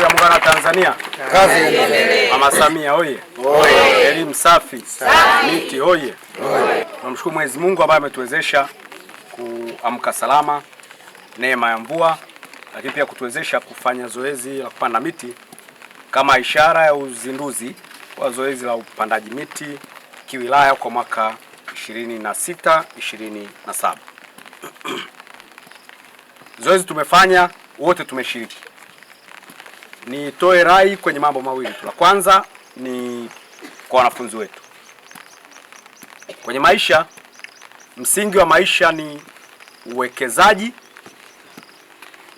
Jamhuri ya Muungano wa Tanzania. Kazi endelee. Mama Samia oye! Elimu safi, miti oye! Tunamshukuru Mwenyezi Mungu ambaye ametuwezesha kuamka salama, neema ya mvua, lakini pia kutuwezesha kufanya zoezi la kupanda miti kama ishara ya uzinduzi wa zoezi la upandaji miti kiwilaya kwa mwaka 26 27. Zoezi tumefanya wote, tumeshiriki nitoe rai kwenye mambo mawili tu. La kwanza ni kwa wanafunzi wetu kwenye maisha. Msingi wa maisha ni uwekezaji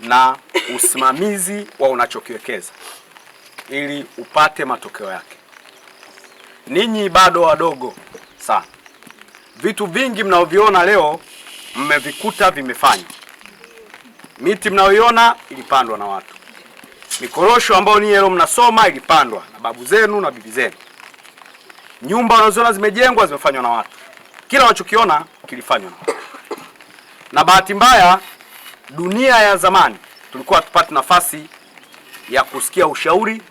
na usimamizi wa unachokiwekeza ili upate matokeo yake. Ninyi bado wadogo sana, vitu vingi mnaoviona leo mmevikuta vimefanywa. Miti mnayoiona ilipandwa na watu. Mikorosho ambayo ninyi leo mnasoma ilipandwa na babu zenu na bibi zenu. Nyumba unazoona zimejengwa zimefanywa na watu. Kila unachokiona kilifanywa na watu. Na bahati mbaya, dunia ya zamani tulikuwa hatupati nafasi ya kusikia ushauri,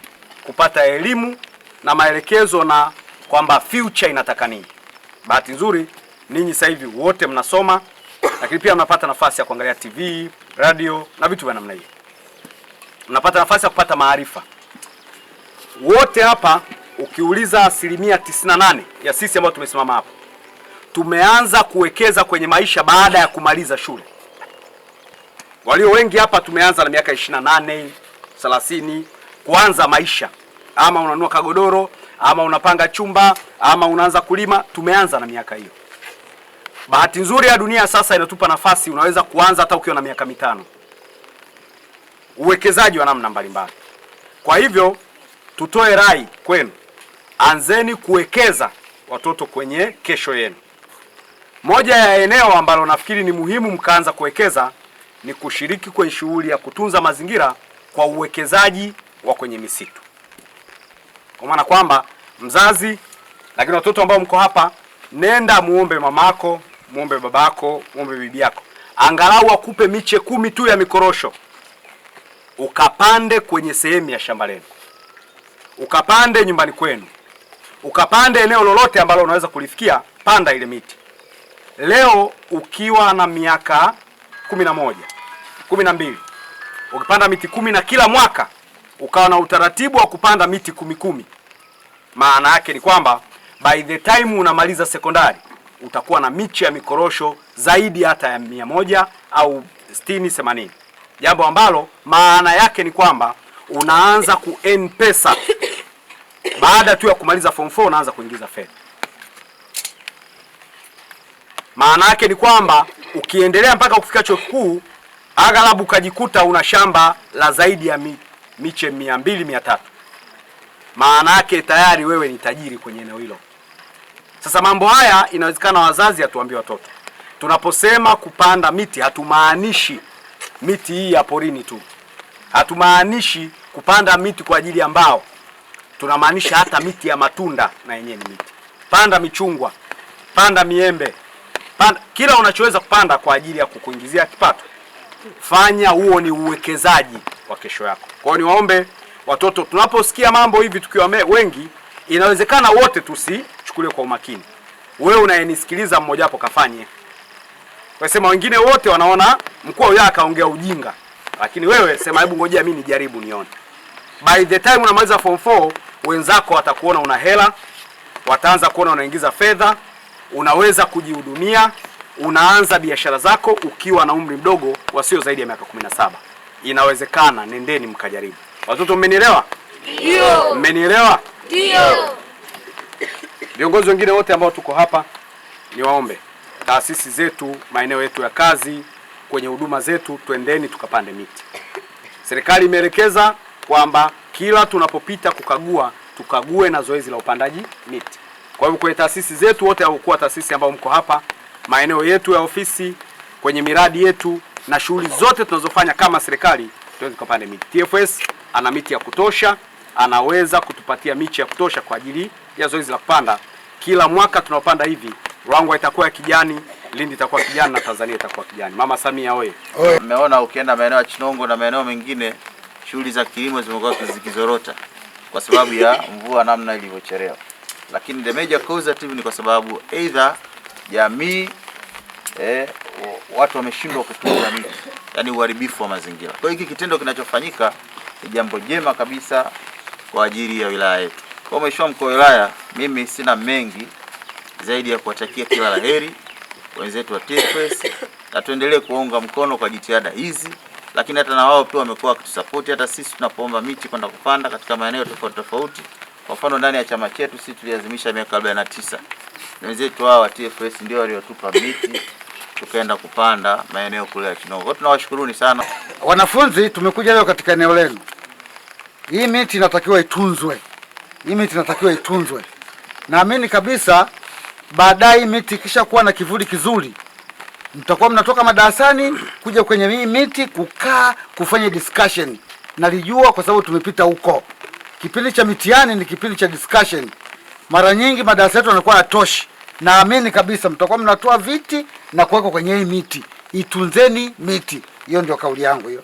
kupata elimu na maelekezo na kwamba future inataka nini. Bahati nzuri ninyi sasa hivi wote mnasoma, lakini pia mnapata nafasi ya kuangalia TV, radio na vitu vya namna hiyo mnapata nafasi ya kupata maarifa. Wote hapa ukiuliza, asilimia 98 ya sisi ambao tumesimama hapa tumeanza kuwekeza kwenye maisha baada ya kumaliza shule. Walio wengi hapa tumeanza na miaka 28, 30 kuanza maisha, ama unanua kagodoro ama unapanga chumba ama unaanza kulima. Tumeanza na miaka hiyo. Bahati nzuri ya dunia sasa inatupa nafasi, unaweza kuanza hata ukiwa na miaka mitano uwekezaji wa namna mbalimbali. Kwa hivyo tutoe rai kwenu, anzeni kuwekeza watoto kwenye kesho yenu. Moja ya eneo ambalo nafikiri ni muhimu mkaanza kuwekeza ni kushiriki kwenye shughuli ya kutunza mazingira kwa uwekezaji wa kwenye misitu, kwa maana kwamba mzazi, lakini watoto ambao mko hapa, nenda muombe mamako, muombe babako, muombe bibi yako, angalau akupe miche kumi tu ya mikorosho ukapande kwenye sehemu ya shamba lenu, ukapande nyumbani kwenu, ukapande eneo lolote ambalo unaweza kulifikia, panda ile miti. Leo ukiwa na miaka kumi na moja kumi na mbili ukipanda miti kumi na kila mwaka ukawa na utaratibu wa kupanda miti kumi kumi, maana yake ni kwamba by the time unamaliza sekondari utakuwa na miche ya mikorosho zaidi hata ya mia moja au sitini themanini jambo ambalo maana yake ni kwamba unaanza ku-earn pesa baada tu ya kumaliza form 4 unaanza kuingiza fedha. Maana yake ni kwamba ukiendelea mpaka kufika chuo kikuu, aghalabu ukajikuta una shamba la zaidi ya mi, miche mia mbili mia tatu maana yake tayari wewe ni tajiri kwenye eneo hilo. Sasa mambo haya inawezekana wazazi hatuambie watoto. Tunaposema kupanda miti hatumaanishi miti hii ya porini tu. Hatumaanishi kupanda miti kwa ajili ya mbao, tunamaanisha hata miti ya matunda na yenyewe ni miti. Panda michungwa, panda miembe, panda kila unachoweza kupanda kwa ajili ya kukuingizia kipato. Fanya huo ni uwekezaji wa kesho yako. Kwa hiyo niwaombe watoto, tunaposikia mambo hivi tukiwa wengi, inawezekana wote tusichukulie kwa umakini. Wewe unayenisikiliza mmoja wapo kafanye Wasema wengine wote wanaona mkuu wa wilaya akaongea ujinga, lakini wewe sema, hebu ngojea mimi nijaribu nione. By the time unamaliza form 4 wenzako watakuona una hela, wataanza kuona unaingiza fedha, unaweza kujihudumia, unaanza biashara zako ukiwa na umri mdogo wasio zaidi ya miaka 17. Inawezekana, nendeni mkajaribu. Watoto mmenielewa? Ndio. Mmenielewa? Ndio. Viongozi wengine wote ambao tuko hapa niwaombe taasisi zetu, maeneo yetu ya kazi, kwenye huduma zetu, twendeni tukapande miti. Serikali imeelekeza kwamba kila tunapopita kukagua, tukague na zoezi la upandaji miti. Kwa hivyo kwenye taasisi zetu wote, au kuwa taasisi ambayo mko hapa, maeneo yetu ya ofisi, kwenye miradi yetu na shughuli zote tunazofanya kama serikali, tuende tukapande miti. TFS ana miti ya kutosha, anaweza kutupatia miche ya kutosha kwa ajili ya zoezi la kupanda. Kila mwaka tunapanda hivi Ruangwa itakuwa kijani, Lindi itakuwa kijani na Tanzania itakuwa kijani. Mama Samia oye! Mmeona ukienda maeneo ya Chinongo na maeneo mengine shughuli za kilimo zimekuwa zikizorota kwa sababu ya mvua namna ilivyochelewa, lakini the major causative ni kwa sababu either jamii eh, watu wameshindwa kutunza miti, yaani uharibifu wa mazingira. Kwa hiyo hiki kitendo kinachofanyika ni jambo jema kabisa kwa ajili ya wilaya yetu. Kwa Mheshimiwa Mkuu wa Wilaya, mimi sina mengi zaidi ya kuwatakia kila laheri wenzetu wa TFS, na tuendelee kuunga mkono kwa jitihada hizi, lakini hata na wao pia wamekuwa wakitusapoti hata sisi tunapoomba miti kwenda kupanda katika maeneo tofauti tofauti. Kwa mfano ndani ya chama chetu sisi tuliazimisha miaka 49 wenzetu hao wa TFS ndio waliotupa miti tukaenda kupanda maeneo kule ya Kinongo. Kwa tunawashukuruni sana wanafunzi, tumekuja leo katika eneo lenu. Hii miti inatakiwa itunzwe, hii miti inatakiwa itunzwe. Naamini kabisa Baadaye miti ikisha kuwa na kivuli kizuri, mtakuwa mnatoka madarasani kuja kwenye hii miti kukaa kufanya discussion. Nalijua kwa sababu tumepita huko. Kipindi cha mitihani ni kipindi cha discussion. Mara nyingi madarasa yetu yanakuwa yatoshi. Naamini kabisa mtakuwa mnatoa viti na kuweka kwenye hii miti. Itunzeni miti. Hiyo ndio kauli yangu hiyo.